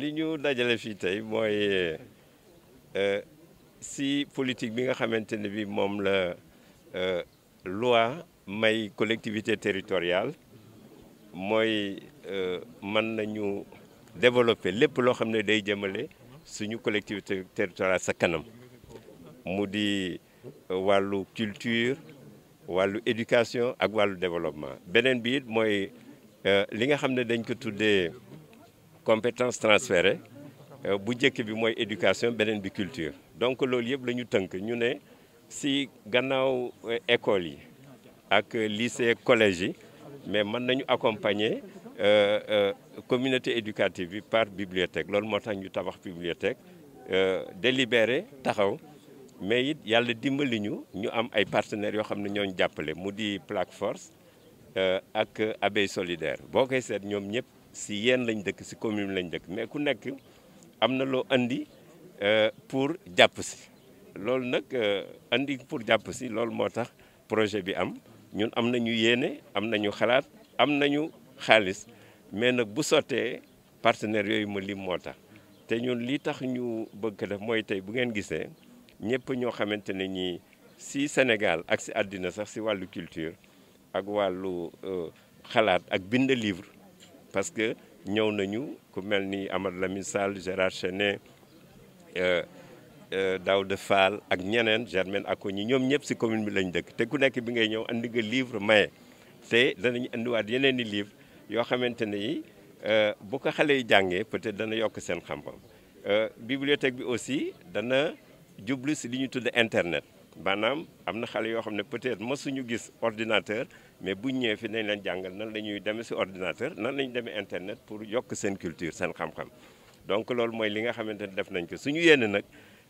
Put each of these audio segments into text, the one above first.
li ñu dajale fii tey mooy euh, si politique bi nga xamante ne bi moom la euh, loi may collectivité territoriale mooy euh, mën nañu développer lépp loo xam ne day jëmale suñu collectivité territoriale sa kanam mu di wàllu culture wàllu éducation ak wàllu développement beneen bi it mooy li nga xam ne dañ ko tuddee Compétences transférées. Euh, bu njëkk bi mooy éducation beneen bi culture donc loolu yëpp nous ñu tënk ñu ne si gannaaw euh, école yi ak lycée collège yi mais mën nañu accompagner euh, communauté éducative par par bibliothèque loolu moo tax ñu tabax bibliothèque délibéré taxaw mais il y a ñu ñu am ay partenaires yoo xam ne ñooñu jàppale mu di Plaque Force ak Abeille solidaire Bon, c'est nous ñoom si yéen lañ dëkk si commune lañu dëkk mais ku nekk am na loo andi euh, pour jàpp si loolu nag euh, andi pour jàpp si loolu moo tax projet bi am ñun am nañu yéene am nañu xalaat am nañu xaalis mais nag bu sottee partenaires yooyu ma lim moo tax te ñun li tax ñu bëgg ko def mooy tey bu ngeen gisee ñëpp ñoo xamante ne ñi si Sénégal ak si àddina sax si wàllu culture ak wàllu euh, xalaat ak bind livre parce que ñëw nañu ku mel ni Amadou Lamine Sall Gérard Chenet euh, euh, de Fall ak ñeneen Germaine Ako ñi ñoom ñëpp si commune bi lañ dëkk te ku nekk bi ngay ñëw andi nga livre maye te danañ yeneen i livre yoo xamante ni euh, bu ko xale yi jàngee peut-être dana yokk seen xam-xam bibliothèque bi aussi dana jublu si li ñu tudd internet manam amna xalé yo xamné peut-être ma suñu gis ordinateur mais buñ ñëwee fi nañ leen jàngal nan lañuy ñuy ci ordinateur nan lañ ñuy demee internet pour yok sen culture sen xam-xam donc lool moy li nga xamante def nañ ko suñu yenn nak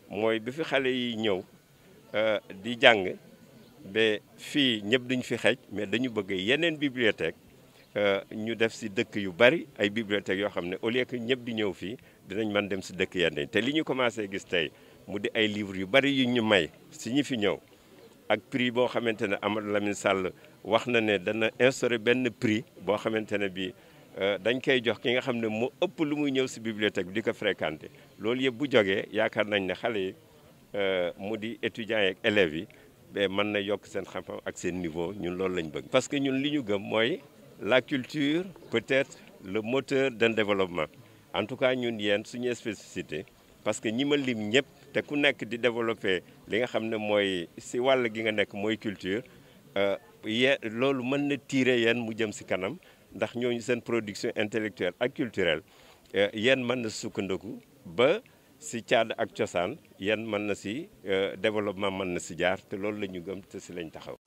moy bi fi xalé yi ñëw euh, di jàng bé fi ñëpp duñ fi xej mais dañu bëgg yenen bibliothèque euh ñu def ci dëkk yu bari ay bibliothèque yo xamné au lieu que ñëpp di ñëw fi dinañ man dem ci dëkk yenn té li ñu commencé gis tay mudi ay livres yu bari yu ñu may si ñi fi ñëw ak prix boo xamante ne Amadou Lamine Sall wax na ne dana instauré benn prix boo xamante ne bii euh, dañ koy jox ki nga xam ne moo ëpp lu muy ñëw si bibliothèque bi di ko fréquenté loolu yëpp bu jógee yaakaar nañ ne xale yi euh, mu di étudiants yeeg élèves yi mais ben mën na yokk seen xam-xam ak seen niveau ñun loolu lañ bëgg. parce que ñun li ñu gëm mooy la culture peut être le moteur d'un développement en tout cas ñun yéen suñu spécificité parce que ñi ma lim ñëpp. te ku nekk di développer li nga xam ne mooy si wàll gi nga nekk mooy culture euh, ye loolu mën na tiire yéen mu jëm si kanam ndax ñooñu seen production intellectuelle ak culturelle euh, yéen mën na sukkandiku ba si caada ak cosaan yéen mën na si euh, développement mën na si jaar te loolu la ñu gëm te si lañ taxaw